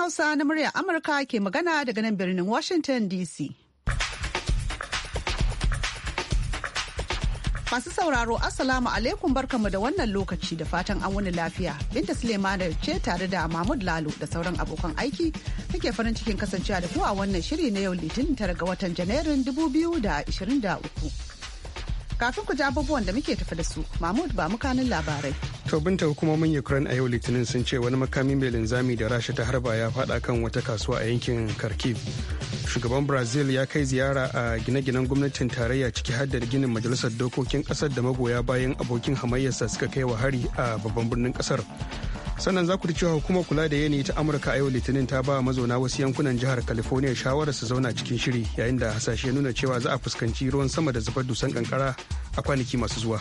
Hausa na muryar Amurka ke magana daga nan birnin Washington DC. Masu sauraro Assalamu alaikum barkamu da wannan lokaci da fatan an wani lafiya. Binta Suleimana ce tare da Mahmud Lalo da sauran abokan aiki muke farin cikin kasancewa da ku a wannan shiri na yau Litinin tara ga watan Janairun 2023. Kafin ku ji abubuwan da muke tafi da su, Mahmud ba mukanin labarai. To binta hukumomin Ukraine a yau Litinin sun ce wani makami mai linzami da Rasha ta harba ya fada kan wata kasuwa a yankin Kharkiv. Shugaban Brazil ya kai ziyara a gine-ginen gwamnatin tarayya ciki har ginin majalisar dokokin kasar da magoya bayan abokin hamayyarsa suka kai wa hari a babban birnin kasar. sannan za ku ji cewa hukumar kula da yanayi ta amurka a yau litinin ta ba mazauna wasu yankunan jihar california shawarar su zauna cikin shiri yayin da hasashe nuna cewa za a fuskanci ruwan sama da zubar dusan kankara a kwanaki masu zuwa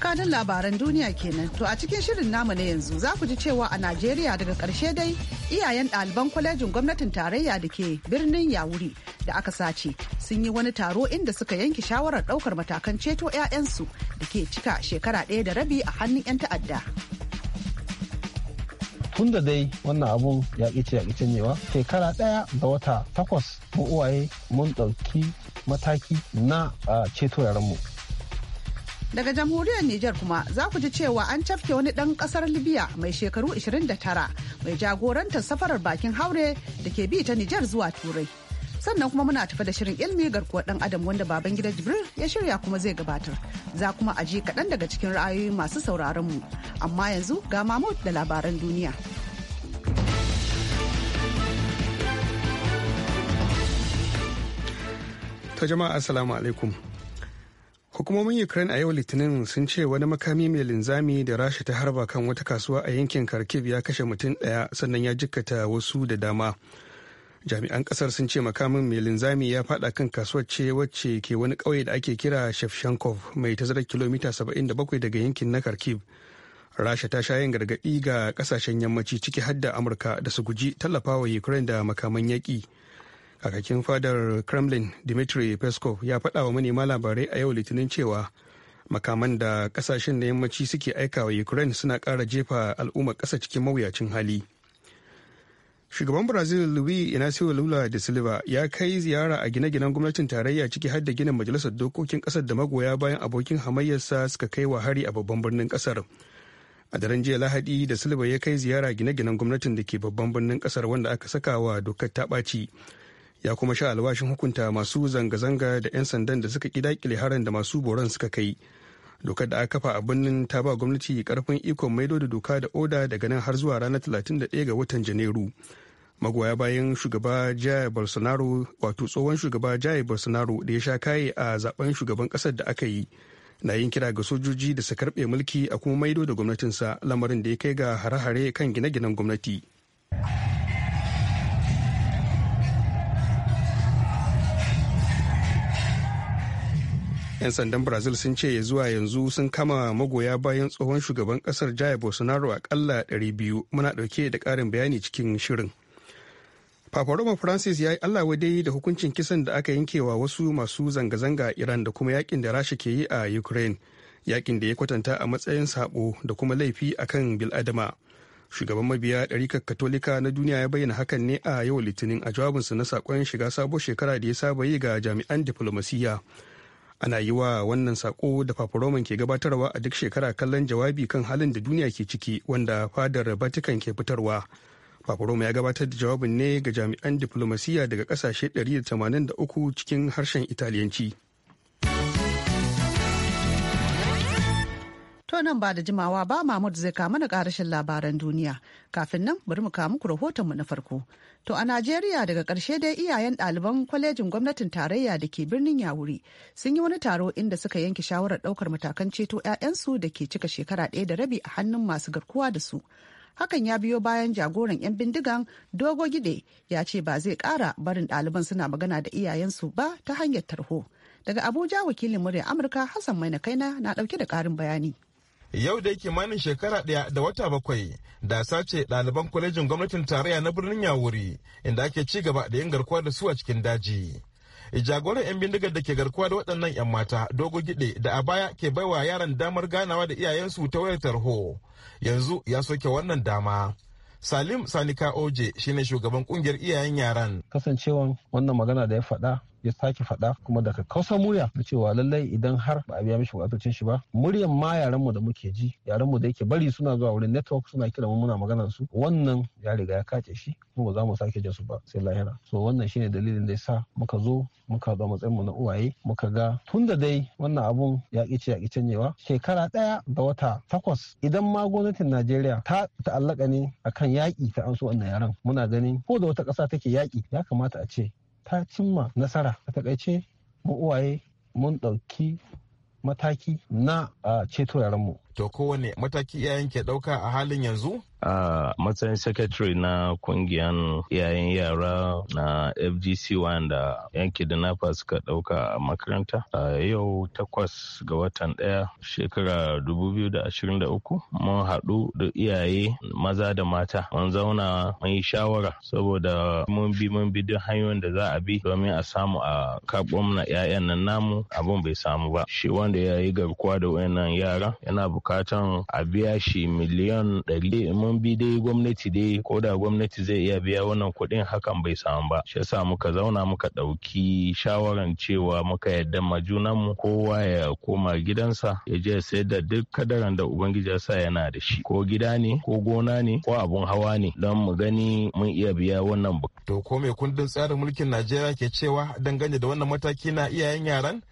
kanin labaran duniya kenan to a cikin shirin namu na yanzu za ku ji cewa a najeriya daga karshe dai iyayen ɗaliban kwalejin gwamnatin tarayya da ke birnin yawuri da aka sace sun yi wani taro inda suka yanke shawarar ɗaukar matakan ceto 'ya'yansu da ke cika shekara ɗaya da rabi a hannun 'yan ta'adda tun da dai wannan abun ya ƙi ya canyewa shekara ɗaya ga wata takwas mu uwaye mun ɗauki mataki na ceto yaranmu. Daga jamhuriyar Nijar kuma za ku ji cewa an cafke wani ɗan ƙasar Libya mai shekaru 29 mai jagorantar safarar bakin haure da ke bi ta Nijar zuwa Turai. sannan kuma muna tafa da shirin ilmi garkuwar dan adam wanda baban gida jibril ya shirya kuma zai gabatar za kuma aji kaɗan daga cikin ra'ayoyi masu sauraron mu amma yanzu ga mamut da labaran duniya ta jama'a assalamu alaikum hukumomin ukraine a yau litinin sun ce wani makami mai linzami da rasha ta harba kan wata kasuwa a yankin kharkiv ya kashe mutum daya sannan ya jikkata wasu da dama jami'an kasar sun ce makamin mai linzami ya fada kan kasuwar ce wacce ke wani ƙauye da ake kira shevchenkov mai tazarar kilomita 77 daga yankin na kharkiv rasha ta sha yin gargaɗi ga kasashen yammaci ciki har da amurka da su guji tallafawa ukraine da makaman yaki kakakin fadar kremlin dmitry peskov ya fada wa manema labarai a yau litinin cewa makaman da kasashen na yammaci suke aikawa wa ukraine suna kara jefa al'ummar ƙasa cikin mawuyacin hali. shugaban brazil luis inacio lula da silva ya kai ziyara a gine-ginen gwamnatin tarayya ciki har da ginin majalisar dokokin kasar da magoya bayan abokin hamayyarsa suka kai wa hari a babban birnin kasar a daren jiya lahadi da silva ya kai ziyara gine-ginen gwamnatin da ke babban birnin kasar wanda aka saka wa dokar ta ɓaci ya kuma sha alwashin hukunta masu zanga-zanga da 'yan sandan da suka ƙi daƙile harin da masu boron suka kai dokar da aka kafa a birnin ta ba gwamnati karfin ikon maido da doka da oda daga nan har zuwa ranar 31 ga watan janairu magoya bayan shugaba jaya bolsonaro wato tsohon shugaba jaya bolsonaro da ya sha kaye a zaben shugaban kasar da aka yi na yin kira ga sojoji da su karbe mulki a kuma maido da gwamnatinsa lamarin da ya kai ga hare-hare kan gine-ginen gwamnati. 'yan sandan brazil sun ce ya zuwa yanzu sun kama magoya bayan tsohon shugaban kasar jaya bolsonaro akalla 200 muna dauke da karin bayani cikin shirin papa francis ya yi allah wadai da hukuncin kisan da aka yankewa wasu masu zanga-zanga iran da kuma yakin da rasha ke yi a ukraine yakin da ya kwatanta a matsayin sabo da kuma laifi akan biladama shugaban mabiya ɗarikar katolika na duniya ya bayyana hakan ne a yau litinin a jawabinsa na saƙon shiga sabon shekara da ya saba yi ga jami'an diflomasiyya ana yi wa wannan sako da fafaroman ke gabatarwa a duk shekara kallon jawabi kan halin da duniya ke ciki wanda fadar vatican ke fitarwa fafaroma ya gabatar da jawabin ne ga jami'an diflomasiyya daga kasashe 183 cikin harshen italiyanci To nan ba da jimawa ba Mahmud zai kama na karashin labaran duniya. Kafin nan bari mu kawo muku rahotonmu na farko. To a Najeriya daga karshe dai iyayen ɗaliban kwalejin gwamnatin tarayya da ke birnin Yawuri sun yi wani taro inda suka yanke shawarar ɗaukar matakan ceto 'ya'yansu da ke cika shekara ɗaya da rabi a hannun masu garkuwa da su. hakan ya biyo bayan jagoran 'yan bindigan dogo gide ya ce ba zai kara barin ɗaliban suna magana da iyayensu ba ta hanyar tarho daga abuja wakilin murya amurka hassan mai na kaina na ɗauke da ƙarin bayani yau da yake manin shekara ɗaya da wata bakwai da sace ɗaliban kwalejin gwamnatin tarayya na birnin yawuri inda ake ci gaba da yin garkuwa da su a cikin daji jagoran 'yan bindigar da ke garkuwa da waɗannan 'yan mata dogo giɗe da a baya ke baiwa yaran damar ganawa da iyayensu ta wayar tarho yanzu ya soke wannan dama salim sanika oje shine shugaban kungiyar iyayen yaran kasancewan wannan magana da ya faɗa ya sake faɗa kuma daga kausa murya da cewa lallai idan har ba a biya mishi wadatacin shi ba muryan ma yaran mu da muke ji yaran mu da yake bari suna zuwa wurin network suna kira mu muna magana su wannan ya riga ya kace shi kuma ba za mu sake jin su ba sai lahira so wannan shine dalilin da yasa muka zo muka zo matsayin mu na uwaye muka ga tunda dai wannan abun ya kice ya canyewa shekara ɗaya da wata takwas idan ma gwamnatin Najeriya ta ta'allaka ne akan yaƙi ta an so wannan yaran muna ganin ko da wata ƙasa take yaki ya kamata a ce ta cimma nasara a takaice mu uwaye mun ɗauki mataki na ceto mu. to kowane mataki iyayen ke ɗauka a halin yanzu? a matsayin secretary na kungiyan iyayen yara na fgc wanda yanki dinafa suka dauka a makaranta a yau takwas ga watan daya shekara 2023 mun haɗu da iyaye maza da mata mun zauna mun yi shawara saboda mun bi mun bi duk hanyoyin da za a bi domin a samu a karɓo na 'ya'yan nan namu abun bai samu ba shi wanda ya yi garkuwa da wayannan yara yana buƙatar bukatan a biya shi miliyan ɗari eh, mun bi dai gwamnati dai ko da gwamnati zai iya biya wannan kuɗin hakan bai samu ba shi yasa muka zauna muka ɗauki shawaran cewa muka yadda ma junanmu kowa ya koma gidansa ya je ya sayar da duk kadaran da ubangiji ya sa yana da shi ko gida ne ko gona ne ko abun hawa ne don mu gani mun iya biya wannan bukatu. To ko mai kundin tsarin mulkin Najeriya ke cewa dangane da wannan mataki na iyayen yaran?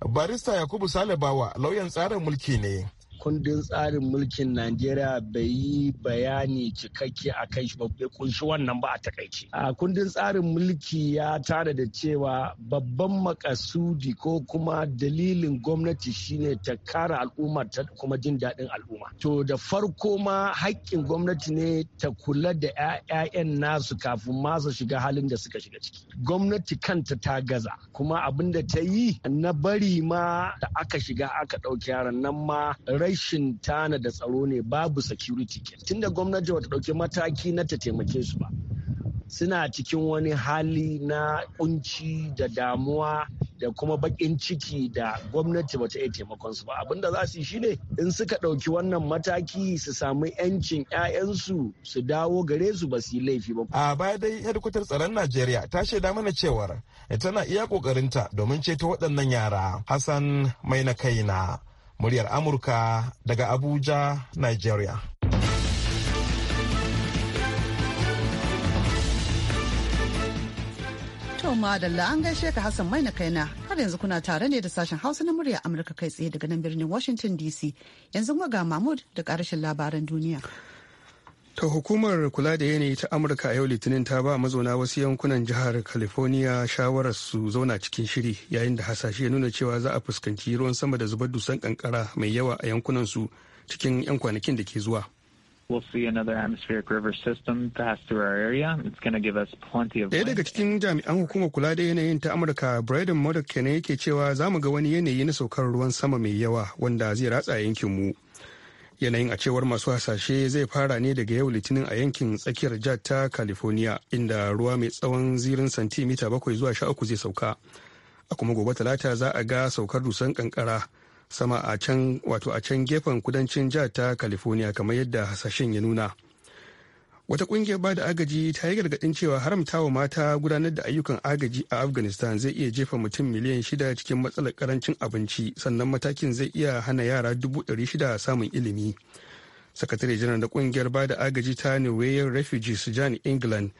Barista Yakubu Salibawa lauyan tsarin mulki ne. kundin tsarin mulkin Najeriya bai yi bayani cikakke a kai shi bai kunshi wannan ba a takaice. A kundin tsarin mulki ya tara da cewa babban makasudi ko kuma dalilin gwamnati shine ta kare al'umma ta kuma jin daɗin al'umma. To da farko ma haƙƙin gwamnati ne ta kula da 'ya'yan nasu kafin ma su shiga halin da suka shiga ciki. Gwamnati kanta ta gaza kuma abin da ta yi na bari ma da aka shiga aka ɗauki yaran nan ma rai rashin tana da tsaro ne babu security ke tunda gwamnati wata ɗauki mataki na ta taimake su ba suna cikin wani hali na kunci da damuwa da kuma bakin ciki da gwamnati bata iya taimakon su ba abinda za su yi shine in suka ɗauki wannan mataki su samu yancin 'ya'yansu su dawo gare su ba su yi laifi ba. a baya dai hedkwatar tsaron najeriya ta shaida mana cewar tana iya kokarinta domin ceto waɗannan yara hassan mai na kaina muryar amurka daga abuja nigeria Yau da an gaishe ka Hassan kai na har yanzu kuna tare ne da sashen Hausa na murya Amurka kai tsaye daga nan birnin Washington DC. Yanzu ga Mahmud da karashin labaran duniya. ta hukumar kula da yanayi ta amurka yau litinin ta ba mazauna wasu yankunan jihar california shawarar su zauna cikin shiri yayin da hasashe ya nuna cewa za a fuskanci ruwan sama da zubar dusan kankara mai yawa a yankunan su cikin 'yan kwanakin da ke zuwa Daya daga cikin jami'an hukumar kula da yanayin ta Amurka Braden Murdoch ne yake cewa za mu ga wani yanayi na saukar ruwan sama mai yawa wanda zai ratsa yankinmu. yanayin a cewar masu hasashe zai fara ne daga yau litinin a yankin tsakiyar jihar ta california inda ruwa mai tsawon zirin santimita bakwai zuwa sha uku zai sauka a kuma gobe talata za a ga saukar dusan kankara sama a can wato a can gefen kudancin jihar ta california kamar yadda hasashen ya nuna wata kungiyar bada agaji ta yi gargadin cewa haramtawa mata gudanar da ayyukan agaji a afghanistan zai iya jefa mutum miliyan shida cikin matsalar karancin abinci sannan matakin zai iya hana yara dubu ɗari shida samun ilimi sakatare janar da kungiyar bada agaji ta newayen refugees jan england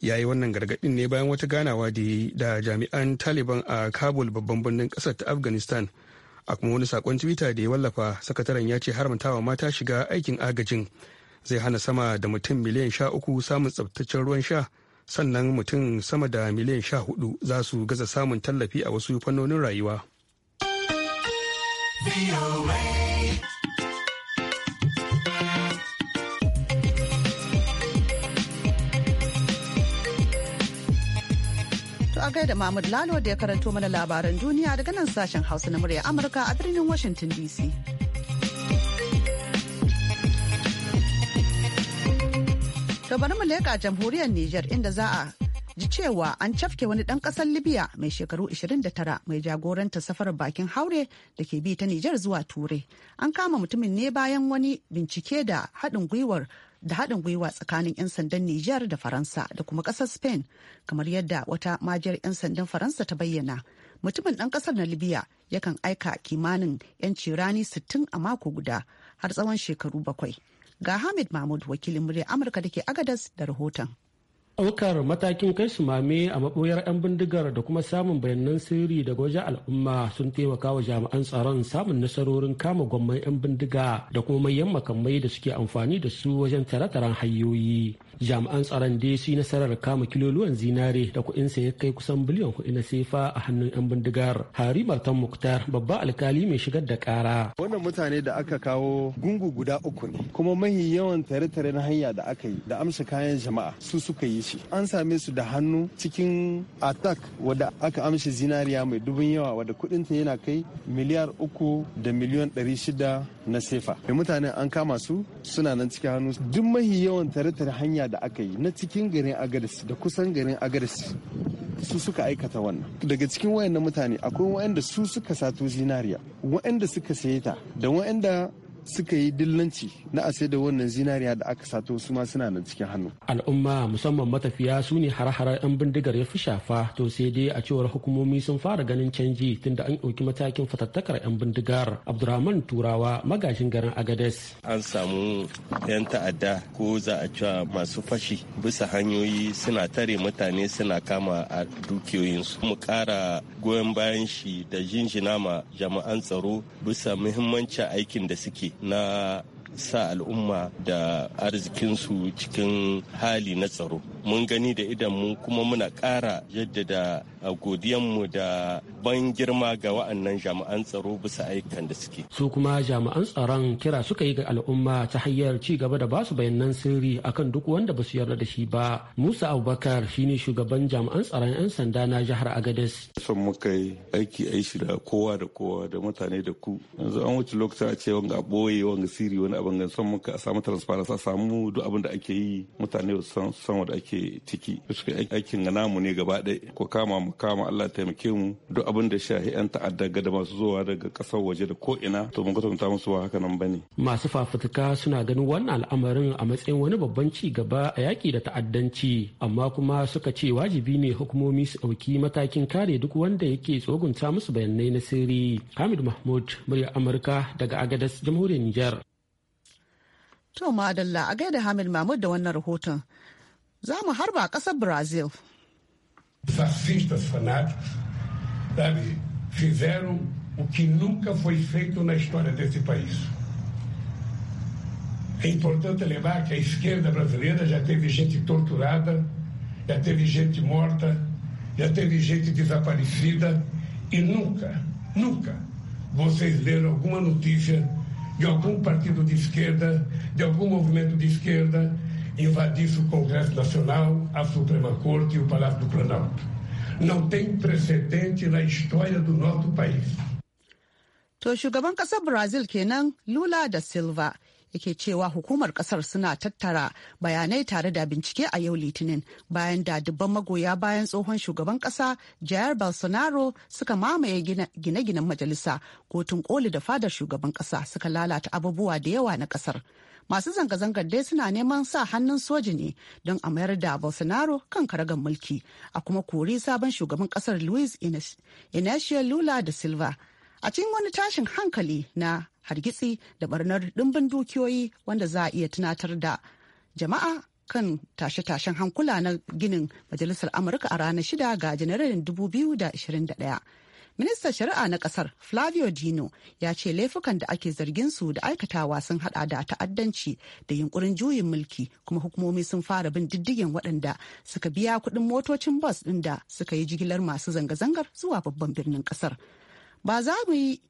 ya yi wannan gargadin ne bayan wata ganawa da yi da jami'an taliban a kabul babban birnin kasar ta afghanistan a kuma wani sakon twitter da ya wallafa sakataren ya ce haramtawa mata shiga aikin agajin zai hana sama da mutum miliyan sha uku samun tsabtaccen ruwan sha sannan mutum sama da miliyan sha hudu za su gaza samun tallafi a wasu fannonin rayuwa. a gaida Mahmud Lalo da ya karanto mana labaran duniya daga nan sashen Hausa na murya Amurka a birnin Washington DC. To bari mu leka jamhuriyar Nijar inda za a ji cewa an cafke wani dan kasar Libya mai shekaru 29 mai jagoranta safar bakin haure da ke bi ta Nijar zuwa Turai. An kama mutumin ne bayan wani bincike da haɗin gwiwar da haɗin gwiwa tsakanin 'yan sandan Nijar da Faransa da kuma ƙasar Spain, kamar yadda wata majiyar 'yan sandan Faransa ta bayyana. Mutumin ɗan ƙasar na Libya yakan aika kimanin 'yanci rani 60 a mako guda har tsawon shekaru bakwai. Ga Hamid Mahmud wakilin muryar Amurka da ke Agadas da rahoton. ɗaukar matakin kai su mame a maɓoyar 'yan bindigar da kuma samun bayanan sirri daga wajen al'umma sun taimaka wa jami'an tsaron samun nasarorin kama gwamman 'yan bindiga da kuma manyan makamai da suke amfani da su wajen tare-taren hanyoyi jami'an tsaron dai su nasarar kama kiloluwan zinare da kuɗin sa ya kai kusan biliyan kuɗi na sefa a hannun 'yan bindigar hari martan muktar babba alkali mai shigar da ƙara wannan mutane da aka kawo gungu guda uku ne kuma mahi yawan tare-tare na hanya da aka yi da amsa kayan jama'a su suka yi an same su da hannu cikin attack wadda aka amshi zinariya mai dubun yawa wadda kudin ta yana kai miliyar uku da miliyon ɗari shida na sefa mai mutane an kama su suna nan cikin hannu duk mahi yawan tare-tare hanya da aka yi na cikin garin agaris da kusan garin agaris su suka aikata wannan daga cikin wayannan mutane akwai wayanda su suka sato zinariya wayanda suka saye da wayanda suka yi dillanci na a da wannan zinariya da aka sato su ma suna nan cikin hannu. Al'umma musamman matafiya su ne har-harar 'yan bindigar ya fi shafa to sai dai a cewar hukumomi sun fara ganin canji tunda an ɗauki matakin fatattakar 'yan bindigar. Abdurrahman Turawa magashin garin Agades. An samu 'yan ta'adda ko za a cewa masu fashi bisa hanyoyi suna tare mutane suna kama a dukiyoyinsu. Mu kara goyon bayan shi da jinjina ma jama'an tsaro bisa muhimmancin aikin da suke 那。sa al'umma da arzikinsu cikin hali na tsaro mun gani da idan mu kuma muna ƙara jaddada mu da ban girma ga wa'annan jami'an tsaro bisa ayyukan da suke su kuma jami'an tsaron kira suka yi ga al'umma ta hanyar ci gaba da basu bayanan sirri akan duk wanda basu yarda da shi ba musa abubakar shine shugaban jami'an tsaron 'yan sanda na jihar agadez son muka yi aiki aishi da kowa da kowa da mutane da ku yanzu an wuce lokacin a ce wanga ɓoye wanga siri wani abin gan son muka samu transparency a samu duk abin da ake yi mutane san san wanda ake ciki suka aikin ga namu ne gaba ɗaya ko kama mu kama Allah taimake mu duk abin da shahi yan ta'adda ga da masu zuwa daga kasar waje da ko ina to mun kwatanta musu ba haka nan bane masu fafutuka suna ganin wannan al'amarin a matsayin wani babban ci gaba a yaki da ta'addanci amma kuma suka ce wajibi ne hukumomi su ɗauki matakin kare duk wanda yake tsogunta musu bayanai na sirri Hamid Mahmud murya Amurka daga Agadas jamhuriyar Nijar To madalla a gaida Hamid Mahmud da wannan rahoton. Za mu harba ƙasar Brazil. Fascistas fanáticos, sabe, fizeram o que nunca foi feito na história desse país. É importante lembrar que a esquerda brasileira já teve gente torturada, já teve gente morta, já teve gente desaparecida e nunca, nunca vocês leram alguma notícia de algum partido de esquerda, de algum movimento de esquerda, invadisse o Congresso Nacional, a Suprema Corte e o Palácio do Planalto. Não tem precedente na história do nosso país. To shugaban ƙasar Brazil kenan Lula da Silva yake cewa hukumar kasar suna tattara bayanai tare da bincike a yau litinin bayan da dubban magoya bayan tsohon shugaban kasa jair bolsonaro suka mamaye gine-ginen majalisa kotun koli da fadar shugaban kasa suka lalata abubuwa da yawa na kasar masu zanga-zangar dai suna neman sa hannun soji ne don a mayar da bolsonaro kan karagar mulki a kuma kori sabon shugaban kasar luis inesia lula da silva a cikin wani tashin hankali na hargitsi da barnar dimbin dukiyoyi wanda za a iya tunatar da jama'a kan tashe-tashen hankula na ginin majalisar amurka a ranar 6 ga janairun 2021 ministan shari'a na kasar flavio dino ya ce laifukan da ake zargin su da aikatawa sun hada da ta'addanci da yunkurin juyin mulki kuma hukumomi sun fara bin diddigin waɗanda suka biya kuɗin motocin bus ɗin da suka yi jigilar masu zanga-zangar zuwa babban birnin kasar ba za mu yi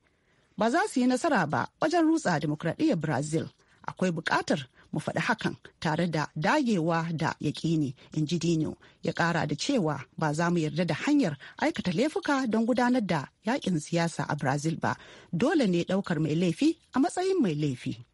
ba za su yi nasara ba wajen rutsa demokradiyyar brazil akwai bukatar mu faɗi hakan tare da dagewa da yaƙini in ji dino ya ƙara da cewa ba za mu yarda da hanyar aikata laifuka don gudanar da yaƙin siyasa a brazil ba dole ne ɗaukar mai laifi a matsayin mai laifi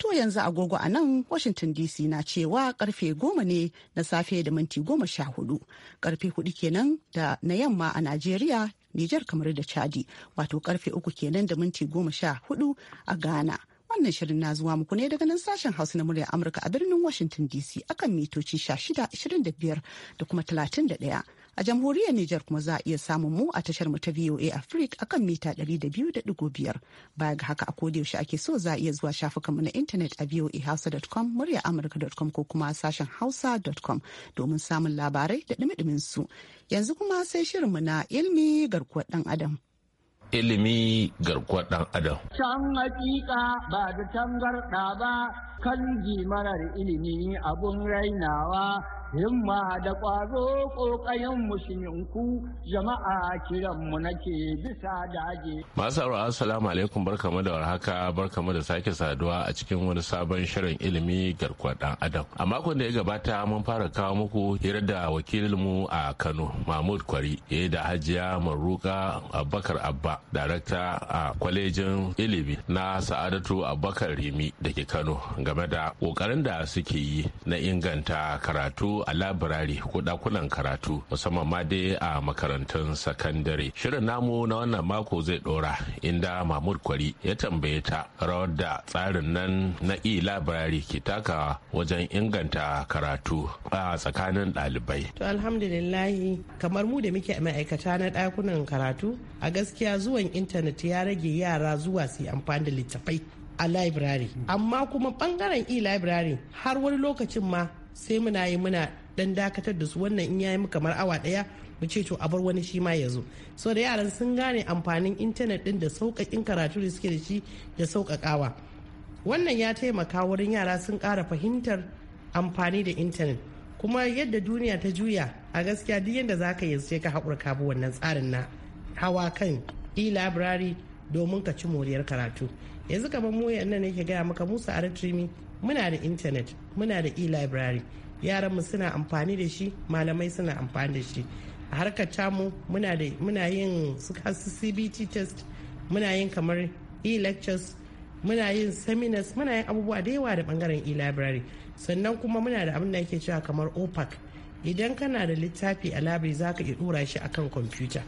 To yanzu agogo a nan Washington DC na cewa karfe goma ne na safe da minti goma sha hudu. Karfe hudu kenan da na yamma a Najeriya, Nijar kamar da Chadi, wato karfe uku kenan da minti goma sha hudu a Ghana. Wannan shirin na zuwa muku ne daga nan sashen Hausa na murya Amurka a birnin Washington DC akan mitoci 1625 da kuma 31. A jamhuriyar Nijar kuma za a iya samun mu a tashar mu ta VOA Africa akan mita 200.5. Baya ga haka a yaushe ake so za a iya zuwa shafukan mu na intanet a voahausa.com muryar amurka.com ko kuma sashen hausa.com domin samun labarai da dumi su. Yanzu kuma sai shirinmu na ilmi garkuwar ɗan adam. ilimi garkuwar ɗan adam. Can hakika ba da tangarɗa ba kan marar ilimi abun rainawa himma da ƙwazo ƙoƙayen musulunku jama'a kiranmu nake bisa dage. Masu aure assalamu alaikum barkamu da warhaka barkamu da sake saduwa a cikin wani sabon shirin ilimi garkuwar ɗan adam. A makon da ya gabata mun fara kawo muku hira da wakilinmu a Kano Mahmud Kwari ya da Hajiya Maruka Abubakar Abba darakta a kwalejin ilimi na sa'adatu abubakar rimi da ke kano game da kokarin da suke yi na inganta karatu a labirari ko dakunan karatu musamman ma dai a makarantun sakandare shirin namu na wannan mako zai dora inda mahmud kwari ya tambaye ta rawar da tsarin nan na e-labirari ke taka wajen inganta karatu a tsakanin ɗalibai to alhamdulillahi kamar mu da muke ma'aikata na ɗakunan karatu a gaskiya zuwa. zuwan intanet ya rage yara zuwa su yi amfani da littafai a library amma kuma bangaren e-library har wani lokacin ma sai muna yi muna dan dakatar da su wannan in yayi mu kamar awa daya mu ce to a bar wani shi ma ya zo so da yaran sun gane amfanin intanet din da sauƙaƙin karatu da suke da shi da sauƙaƙawa wannan ya taimaka wurin yara sun kara fahimtar amfani da intanet kuma yadda duniya ta juya a gaskiya duk yadda za ka yi sai ka haƙura ka wannan tsarin na hawa kan e-library domin ka ci moriyar karatu yanzu kamar mu nan yake gaya maka musa aritrimi muna da intanet muna da e-library yaran mu suna amfani da shi malamai suna amfani da shi a harkar tamu muna da muna yin su cbt test muna yin kamar e-lectures muna yin seminars muna yin abubuwa da yawa da bangaren e-library sannan kuma muna da abin da ake cewa kamar opac idan kana da littafi a labari za ka iya dura shi akan kwamfuta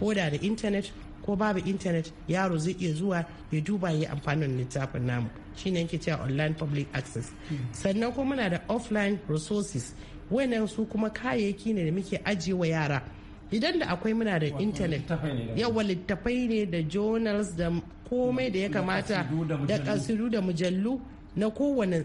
ko da da intanet ko babu intanet yaro zai iya zuwa ya duba ya amfani da littafin namu shi yake cewa online public access sannan kuma muna da offline resources wannan su kuma kayayyaki ne da muke ajiye wa yara idan da akwai muna da intanet yawa littafai ne da journals da komai da ya kamata da kasidu da mujallu na kowane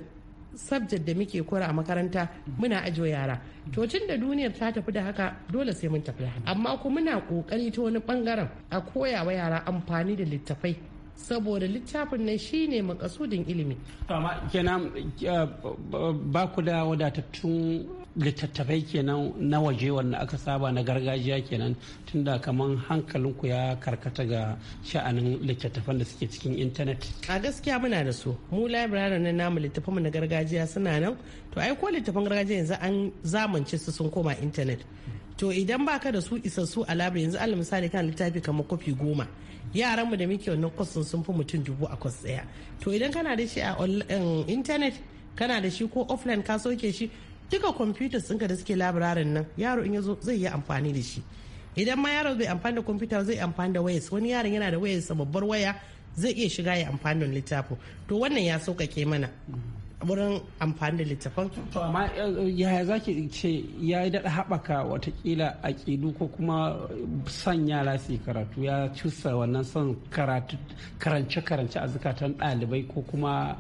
subject da muke kora a makaranta muna ajo yara to tun da duniyar ta tafi da haka dole sai mun tafi amma kuma muna kokari ta wani bangaren a koya wa yara amfani da littafai saboda littafin nan shine makasudin ilimi. amma kenan eh, ba ku da wadatattun littattafai kenan na waje wanda aka saba na gargajiya kenan tunda kaman hankalinku ya karkata ga sha'anin littattafan da suke cikin intanet a gaskiya muna da su mu labirarin na namu littattafan na gargajiya suna nan to ai ko littattafan gargajiya yanzu an zamance su sun koma intanet to idan baka da su isassu a labiri yanzu alal misali kan littafi kamar kofi goma yaran mu da muke wannan kwasin sun fi mutum dubu a kwas daya to idan kana da shi a intanet kana da shi ko offline ka soke shi duka kwamfuta ɗinka da suke labirarin nan yaro in ya zo zai yi amfani da shi idan ma yaro bai amfani da kwamfuta zai amfani da wayas wani yaron yana da wayarsa babbar waya zai iya shiga ya amfani da littafin to wannan ya sauƙaƙe mana wurin amfani da littafan. To amma eh, yaya za ki ce ya yi daɗa haɓaka watakila a ƙidu ko kuma son yara su karatu ya cusa wannan son karance-karance a zukatan ɗalibai ko kuma.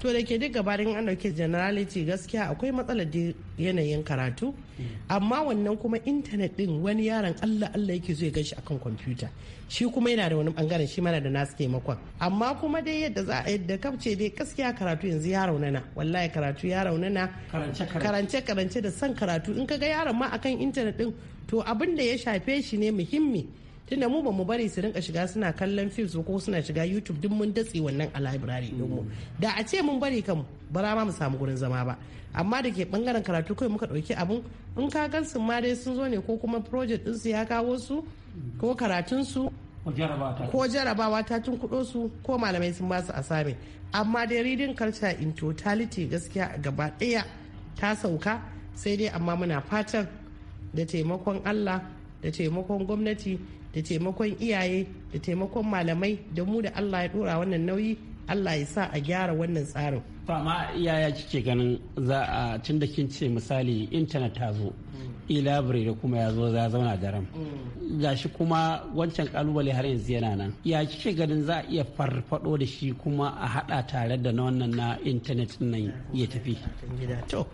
To da ke duk gabarin an dauke generality gaskiya akwai matsalar yanayin karatu hmm. amma wannan kuma intanet ɗin wani yaron Allah Allah yake zai ya akan kwamfuta shi kuma yana da wani bangaren shi mana da nasu taimakon amma kuma dai yadda za a yadda kamce dai gaskiya karatu yanzu ya raunana wallahi karatu ya raunana karance karance da son karatu in kaga yaron ma akan intanet din to abin da ya shafe shi ne muhimmi tunda mu bamu bari su rinka shiga suna kallon films ko suna shiga youtube din mun datse wannan a library din mu da a ce mun bari kan bara ma mu samu gurin zama ba amma da ke bangaren karatu kai muka dauki abun in ka gan su ma dai sun zo ne ko kuma project din su ya kawo su ko karatunsu ko jarabawa ta tun kuɗosu su ko malamai sun basu a amma dai reading culture in totality gaskiya gaba daya ta sauka sai dai amma muna fatan da taimakon allah da taimakon gwamnati da taimakon iyaye da taimakon malamai da mu da allah ya dora wannan nauyi Allah ya sa a gyara wannan tsarin. Fama yaya kike ganin za a tun kin ce misali intanet ta zo, e-library da kuma ya zo za zauna Ga mm. Gashi kuma wancan kalubale har yanzu yana nan. Ya kike ganin za a iya farfado da shi kuma a hada tare da na wannan na intanet nan ya tafi. To,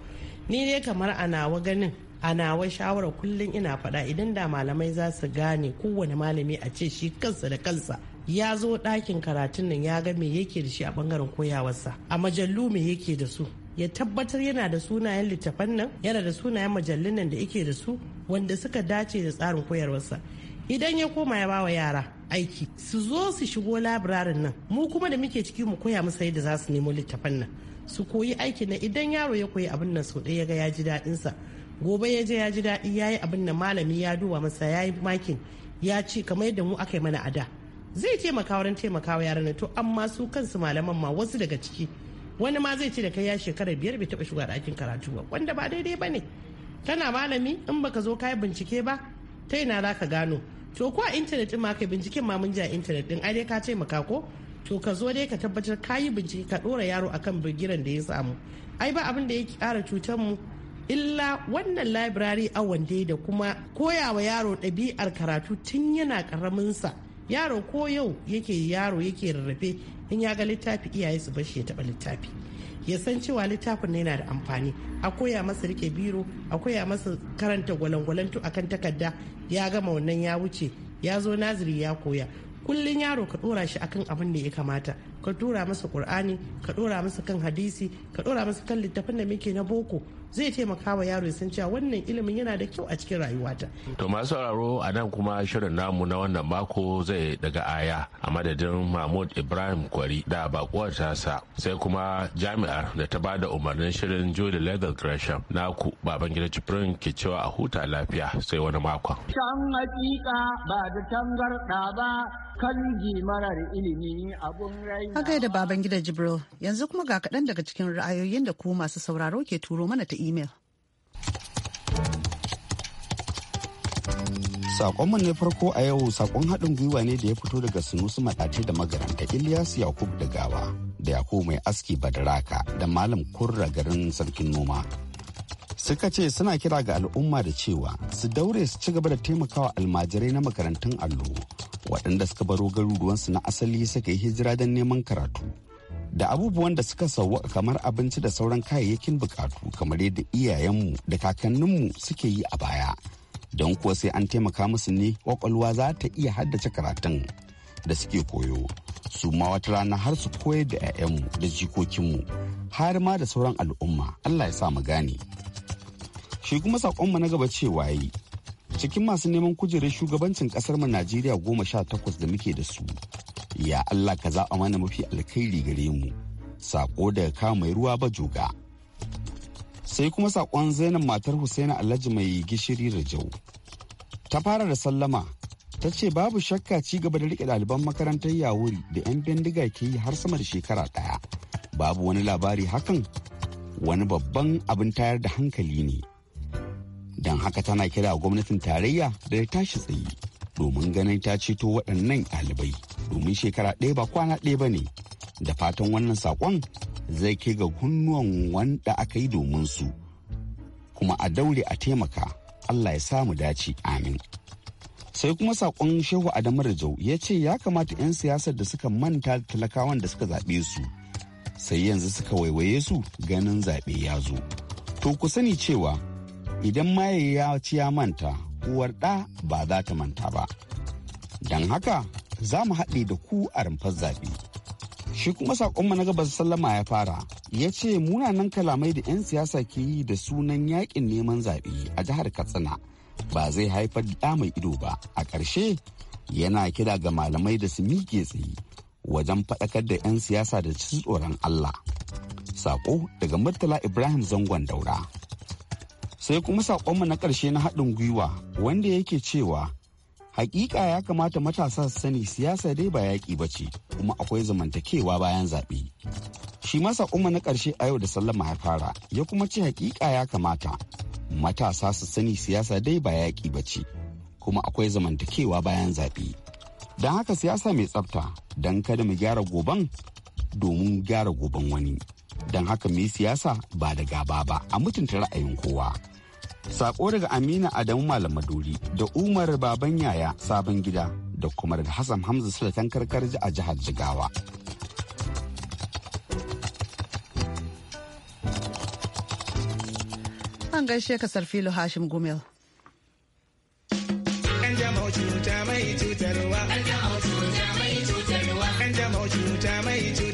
ni ne kamar a nawa ganin a nawa shawara kullum ina faɗa idan da malamai za su gane kowane malami a ce shi kansa da kansa. ya zo ɗakin karatun nan ya ga me yake da shi a bangaren koyawarsa a majallu me yake da su ya tabbatar yana da sunayen littafan nan yana da sunayen majallun nan da yake da su wanda suka dace da tsarin koyarwarsa idan ya koma ya bawa yara aiki su zo su shigo labirarin nan mu kuma da muke ciki mu koya musu yadda za su nemo littafan nan su koyi aiki na idan yaro ya koyi abin nan sau ɗaya ya ga ya ji daɗinsa gobe ya je ya ji daɗi ya yi abin nan malami ya duba masa ya yi makin ya ci kamar yadda mu aka yi mana a da zai taimaka wurin taimakawa yaran to amma su kansu malaman ma wasu daga ciki wani ma zai ce da kai ya shekara biyar bai taba shiga ɗakin karatu ba wanda ba daidai ba ne kana malami in baka zo kayi bincike ba ta ina za ka gano to ko a intanet din ma kai binciken ma mun ji a intanet din ai dai ka taimaka ko to ka zo dai ka tabbatar ka yi bincike ka ɗora yaro akan bigiran da ya samu ai ba abin da ya ƙara cutar mu illa wannan library a da kuma koyawa yaro ɗabi'ar karatu tun yana karamin sa yaro ko yau yake yaro yake rarrafe in ya ga littafi iyaye su bashi ya taba littafi ya san cewa littafin na yana da amfani a koya masa rike biro a koya masa karanta gwalangwalantu akan takarda ya gama wannan ya wuce ya zo naziri ya koya kullum yaro ka dora shi akan abin da ya kamata ka dora masa qur'ani ka dora masa kan hadisi ka dora masa kan littafin da muke na boko zai taimaka wa yaro ya san cewa wannan ilimin yana da kyau a cikin rayuwata. To masu sauraro a nan kuma shirin namu na wannan mako zai daga aya a madadin Mahmud Ibrahim Kwari da bakuwar tasa sai kuma jami'ar da ta bada umarnin shirin jude legal Gresham naku baban gida Jibrin ke cewa a huta lafiya sai wani makon. Can hakika ba da tangarda ba kan marar ilimi abun rai. Haka da baban gida Jibril yanzu kuma ga kaɗan daga cikin ra'ayoyin da ku masu sauraro ke turo mana ta sakon Sakonmu ne farko a yau sakon haɗin gwiwa ne da ya fito daga Sunusu Maɗace da magaranta Ilyas Yakub da Gawa da Yakub mai aski Badaraka da Malam Kurra garin Sarkin Noma. Suka ce suna kira ga al'umma da cewa su daure su ci gaba da taimakawa almajirai na makarantun allo waɗanda suka baro garuruwansu na asali suka yi hijira don neman karatu da abubuwan da suka sauwaka kamar abinci da sauran kayayyakin bukatu kamar yadda iyayenmu da kakanninmu suke yi a baya don kuwa sai an taimaka musu ne kwakwalwa za ta iya haddace karatun da suke koyo su ma wata rana har su koyar da 'ya'yanmu da jikokinmu har ma da sauran al'umma allah ya sa mu gane shi kuma saƙonmu na gaba cewa yi cikin masu neman kujerar shugabancin kasar mu najeriya goma sha takwas da muke da su ya allah ka zaɓa mana mafi alkhairi gare mu sako daga ka mai ruwa ba joga sai kuma saƙon zainab matar husaina alhaji mai gishiri da jau. ta fara da sallama ta ce babu shakka ci gaba da rike ɗaliban makarantar yawuri da 'yan bindiga ke yi har sama da shekara ɗaya babu wani labari hakan wani babban abin tayar da hankali ne don haka tana kira gwamnatin tarayya da ya tashi tsaye domin ganin ta ceto waɗannan ɗalibai domin shekara ɗaya ba kwana ɗaya ba ne da fatan wannan saƙon zai ke ga hunnuwan wanda aka yi domin su kuma a daure a taimaka allah ya samu dace amin sai kuma saƙon shehu adamu rajau ya ce ya kamata 'yan siyasar da suka manta da talakawan da suka zaɓe su sai yanzu suka waiwaye su ganin zaɓe ya zo to ku sani cewa idan maye ya ci ya manta uwar ɗa ba za ta manta ba don haka za mu haɗe da ku a rumfar zaɓe shi kuma saƙonmu na gabas sallama ya fara ya ce munanan kalamai da 'yan siyasa ke yi da sunan yaƙin neman zaɓe a jihar katsina ba zai haifar da mai ido ba a ƙarshe yana kira ga malamai da su miƙe tsaye wajen faɗakar da 'yan siyasa da su tsoron allah saƙo daga murtala ibrahim zangon daura sai kuma saƙonmu na ƙarshe na haɗin gwiwa wanda yake cewa hakika ya kamata matasa su sani siyasa dai ba yaƙi ba ce kuma akwai zamantakewa bayan zaɓe shi masa umma na ƙarshe a yau da sallama ya fara ya kuma ce hakika ya kamata matasa su sani siyasa dai ba yaƙi ba ce kuma akwai zamantakewa bayan zaɓe don haka siyasa mai tsafta don kada mu gyara goban domin gyara goban wani don haka mai siyasa ba da gaba ba a mutunta ra'ayin kowa sako daga amina adamu malam maduri da umar baban yaya sabon gida da kuma daga hassan hamza sulatan karkar a jihar jigawa an gaishe ka sarfilo hashim gumel an jama'o cuta mai cutarwa an jama'o mai cutarwa cuta mai cutarwa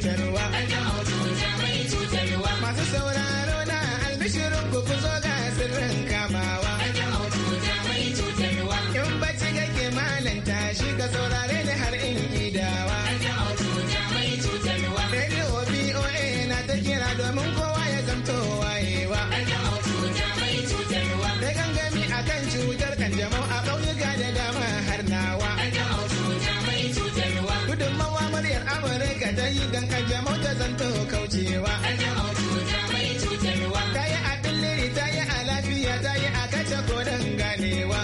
don ka je zan to kaucewa ta yi a billiri ta yi a lafiya ta yi a kace koren ganewa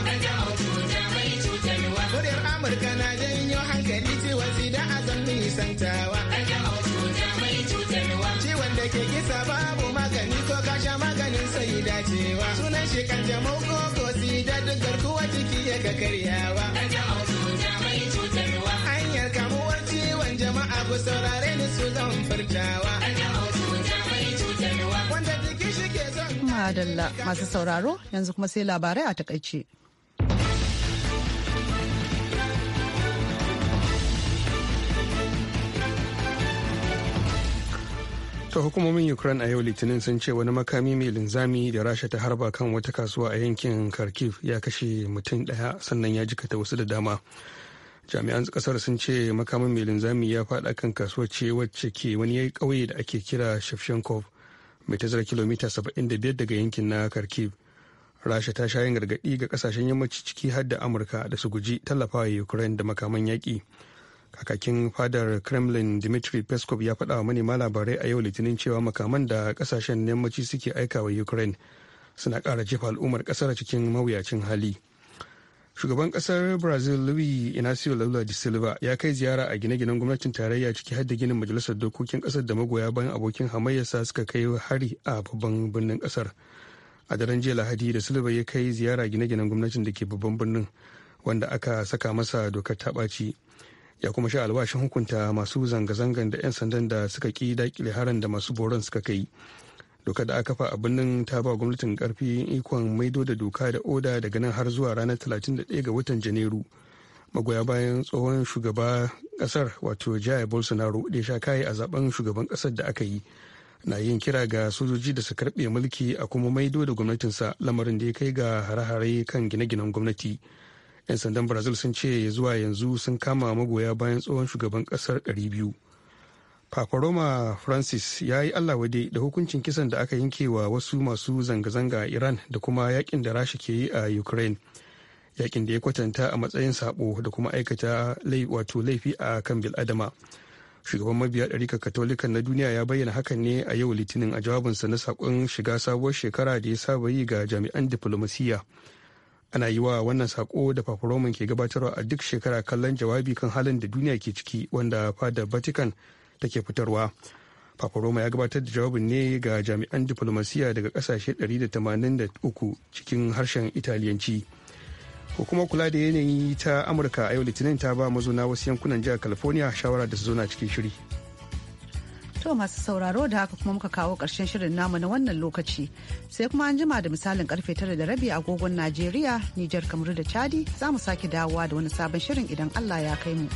muryar amurka na janyo hankali ciwon sida a zan nisantawa ciwon da ke kisa babu magani ko kasha maganin sai dacewa sunan shi kan jamau ko ko sida duk garkuwa ciki ya ga karyawa ku saurare ni su zan furtawa. Wanda jiki shi zan. Madalla masu sauraro yanzu kuma sai labarai a takaice. ta hukumomin ukraine a yau litinin sun ce wani makami mai linzami da rasha ta harba kan wata kasuwa a yankin kharkiv ya kashe mutum daya sannan ya jikata wasu da dama jami'an kasar sun ce makamin mai linzami ya fada kan kasuwar ce wacce ke wani ƙauye da ake kira shafshenkov mai tazara kilomita 75 daga yankin na kharkiv rasha ta sha yin gargaɗi ga kasashen yammaci ciki har da amurka da su guji tallafawa ukraine da makaman yaƙi kakakin fadar kremlin dmitry peskov ya faɗa wa manema labarai a yau litinin cewa makaman da kasashen yammaci suke aikawa ukraine suna ƙara jefa al'ummar ƙasar cikin mawuyacin hali. shugaban kasar brazil louis inacio lula de silva ya kai ziyara a gine-ginen gwamnatin tarayya ciki har da ginin majalisar dokokin kasar da magoya bayan abokin hamayyarsa suka kai hari a babban birnin kasar a daren jiya lahadi da silva ya kai ziyara gine-ginen gwamnatin da ke babban birnin wanda aka saka masa dokar ta ɓaci ya kuma sha alwashin hukunta masu zanga-zangan da 'yan sandan da suka ki dakile haran da masu boron suka kai doka da aka kafa a birnin ta ba gwamnatin karfi ikon maido da doka da oda daga nan har zuwa ranar 31 ga watan janairu magoya bayan tsohon shugaba kasar wato jaya bolsonaro da ya sha kayi a zaben shugaban kasar da aka yi na yin kira ga sojoji da su karbe mulki a kuma maido da gwamnatinsa lamarin da ya kai ga hare-hare kan gine-ginen gwamnati 'yan sandan brazil sun ce zuwa yanzu sun kama magoya bayan tsohon shugaban kasar 200 Paparoma Francis ya yi Allah wade da hukuncin kisan da aka yanke wa wasu masu zanga-zanga a Iran da kuma yakin da Rasha ke yi a Ukraine. Yakin da ya kwatanta a matsayin sabo da kuma aikata wato laifi a kan bil'adama. Shugaban mabiya ɗarika Katolika na duniya ya bayyana hakan ne a yau Litinin a jawabinsa na saƙon shiga sabuwar shekara da ya saba yi ga jami'an diflomasiyya. ana yi wa wannan saƙo da paparoman ke gabatarwa a duk shekara kallon jawabi kan halin da duniya ke ciki wanda fada vatican take fitarwa paparoma ya gabatar da jawabin ne ga jami'an diplomasiya daga kasashe 183 cikin harshen italiyanci hukumar kula da yanayi ta amurka a yau litinin ta ba mazauna wasu yankunan jihar california shawara da su zauna cikin shiri To masu sauraro da haka kuma muka kawo karshen shirin namu na wannan lokaci. Sai kuma an jima da misalin karfe tara da rabi agogon Najeriya, Nijar Kamaru da Chadi za mu sake dawowa da wani sabon shirin idan Allah ya kai mu.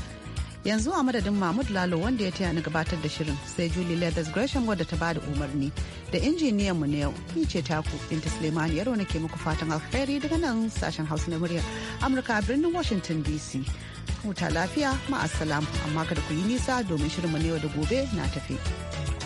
yanzu a madadin mahmud lalo wanda ya taya ni gabatar da shirin sai julie leathers gresham wadda ta bada umarni da injiniyan mu na yau ni ce taku binta suleiman yaro ke muku fatan alheri daga nan sashen hausa na murya amurka a birnin washington dc huta lafiya ma'asalam amma kada ku yi nisa domin shirin mu na yau da gobe na tafi.